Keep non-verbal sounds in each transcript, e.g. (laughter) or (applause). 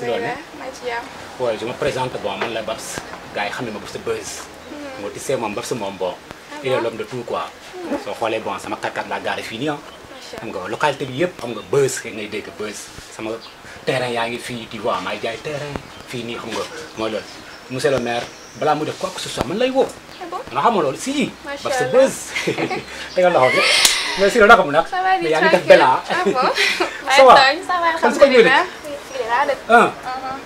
si loolu waaw je ma présente bon ma la Babs gars yi xam ne ma Babs Buzz. Hmm. moo tissé moom Babs moom bon. Ah il est l'homme de tout quoi. Hmm. soo xoolee bon sama kàkkaat laa gaare fii nii ah. xam nga localité bi yëpp xam nga Buzz ngay dégg Buzz sama terrain yaa ngi fii ti vois maay jaay terrain fii nii xam nga mooy loolu monsieur le maire balaa mu def quoi que ce soit man lay woo. Ah nga xam nga loolu si. macha allah Babs Buzz (laughs) tegal loxo bi mais si loolu naka mu nag. yaa ngi def bella ah bon. (laughs) ça va kon su ah uh-huh.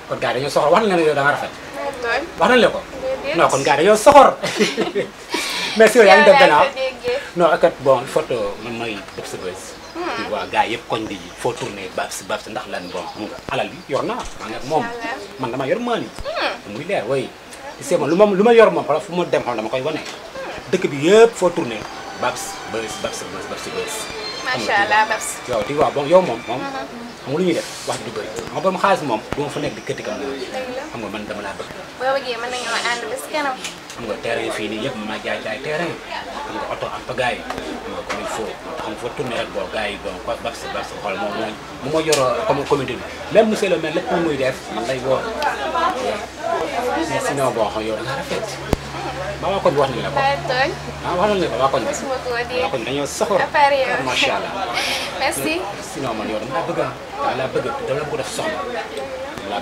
kon gars yi dañoo soxor wax nañ la ne yow rafet. wax nañ la ko. non kon gars yi dañoo soxor. (laughs) merci yow yaa ngi dem gannaaw non ak bon photo man mooy hmm. yëpp koñ bi foo tourné babs babs ndax lan bon alal bi yor naa maa moom man dama yor maani hmm. muy leer way gisee ma lu ma lu ma yor moom xoolal fu ma dem xam ma koy wane hmm. dëkk bi yëpp foo tourné babs bés babs bés babs bés macha allah merci yow tu vois yow moom moom xam nga lu ñuy def wax du bëri xam nga borom xaalis moom du ma fa nekk di këtti kam xam nga man dama laa ba si kanam xam nga terrain fii nii yëpp ma jaay jaay terrain xam nga oto am fa gars yi comme il xam fa tourné rek bon gars yi bon bas bas xool moom moom euh, mu le maire lépp muy def man lay woo xam yow nga rafet ba waa koñ wax nañ la ko. ah wax waa koñ bi. waa koñ dañoo soxor. Ah, macha allah. (laughs) merci. sinon man yow dama laa bëgg ah. dama laa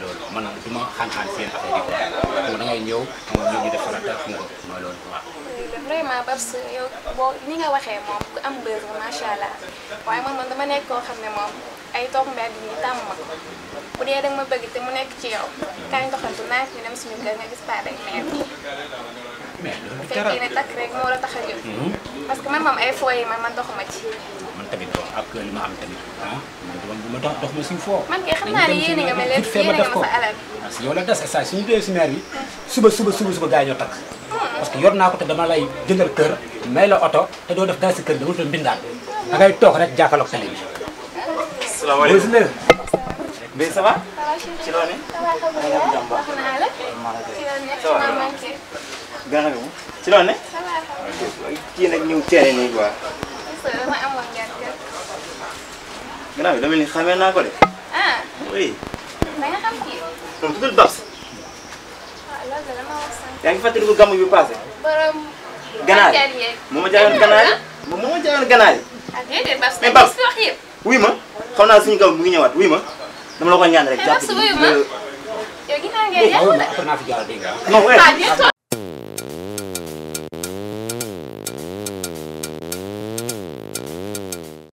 loolu man du ma xaan-xaan seen affaire yi quoi xam ñëw nga ñëw ñu def farata xam nga mooy loolu quoi. vraiment parce que yow boo ni nga waxee moom ku am bër macha allah waaye man man dama nekk koo xam ne moom. ay toog mbedd yi tàmm ma ko mu nekk ci yow kaay ndoxantu hmm? man dox ak ah, foo. man kay xam naa ne yéene nga ma leen yéene nga ma sa alal. parce la des saa suñu dee si maire yi suba suba suba suba gars yi ñoo takk. Hmm. parce que yor naa ko te dama lay jëndal kër may la oto te doo def dara si kër dama doon bindaat da ngay toog rek jàkkaarloog télé bi Assalamu alaikum. Bé, ça va Ci loo ne? Ça va. Gana nga mu? Ci loo ne? Kii nag ñëw teere nii quoi. Gannaaw bi dama ni xamee naa ko de. Ah. Oui. Da nga xam kii. Moom tuddul Babs. Yaa ngi fàttaliku gàmmu bi passé. Borom ganaar yi. Moo ma jaayoon ganaar yi. Moo ma jaayoon ganaar yi. Ah déedéet Babs. Mais Babs. Oui xam naa suñu kaw mu ngi ñëwaat wuy ma dama la ko ñaan rek jàpp ci. Eh, yow ginnaaw ngeen yàqu de. non ah,